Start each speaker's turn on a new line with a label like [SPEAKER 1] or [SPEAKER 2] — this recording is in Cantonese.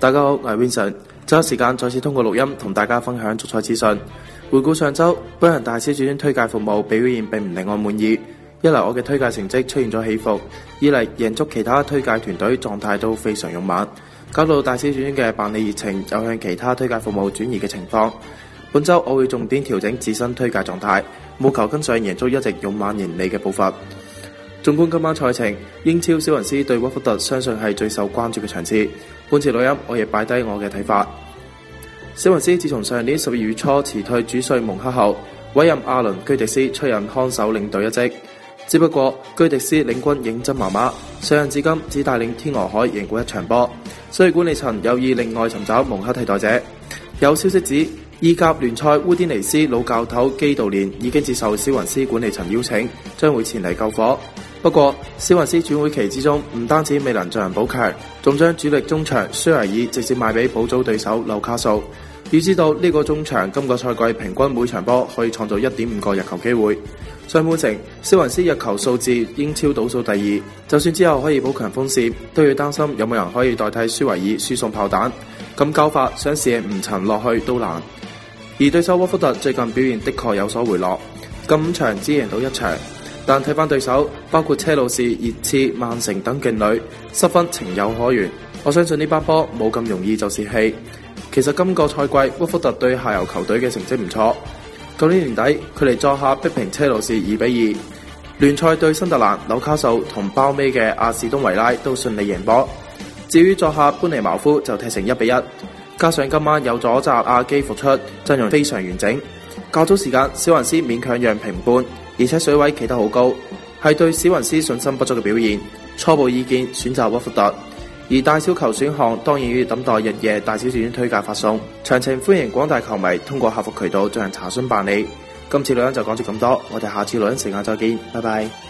[SPEAKER 1] 大家好，我係 Vincent，抽時間再次通過錄音同大家分享足彩資訊。回顧上周，本人大師主專推介服務表現並唔令我滿意，一嚟我嘅推介成績出現咗起伏，二嚟贏足其他推介團隊狀態都非常勇猛，搞到大師主專嘅辦理熱情有向其他推介服務轉移嘅情況。本周我會重點調整自身推介狀態，務求跟上贏足一直勇猛盈利嘅步伐。縱觀今晚賽程，英超小雲斯對屈福特相信係最受關注嘅場次。本次錄音，我亦擺低我嘅睇法。小雲斯自從上年十二月初辭退主帥蒙克後，委任阿倫居迪，迪斯出任看守領隊一職。只不過居迪斯領軍認真麻麻，上任至今只帶領天鵝海贏過一場波，所以管理層有意另外尋找蒙克替代者。有消息指，意甲聯賽烏迪尼斯老教頭基度連已經接受小雲斯管理層邀請，將會前嚟救火。不過，史雲斯轉會期之中，唔單止未能進行補強，仲將主力中場舒維爾直接賣俾保組對手紐卡素。要知道呢個中場今個賽季平均每場波可以創造一點五個入球機會，上半程史雲斯入球數字英超倒數第二。就算之後可以補強鋒線，都要擔心有冇人可以代替舒維爾輸送炮彈。咁教法想試唔沉落去都難。而對手沃福特最近表現的確有所回落，咁場只贏到一場。但睇翻對手，包括車路士、熱刺、曼城等勁旅，失分情有可原。我相信呢班波冇咁容易就泄氣。其實今個賽季屈福特對下游球隊嘅成績唔錯。舊年年底佢哋作客逼平車路士二比二，聯賽對新特蘭、紐卡素同包尾嘅阿士東維拉都順利贏波。至於作客班尼茅夫就踢成一比一，加上今晚有咗扎阿基復出，陣容非常完整。較早時間小雲斯勉強讓平半。而且水位企得好高，係對史雲斯信心不足嘅表現。初步意見選擇沃福特，而大小球選項當然要等待日夜大小小員推介發送。詳情歡迎廣大球迷通過客服渠道進行查詢辦理。今次錄音就講咗咁多，我哋下次錄音時間再見，拜拜。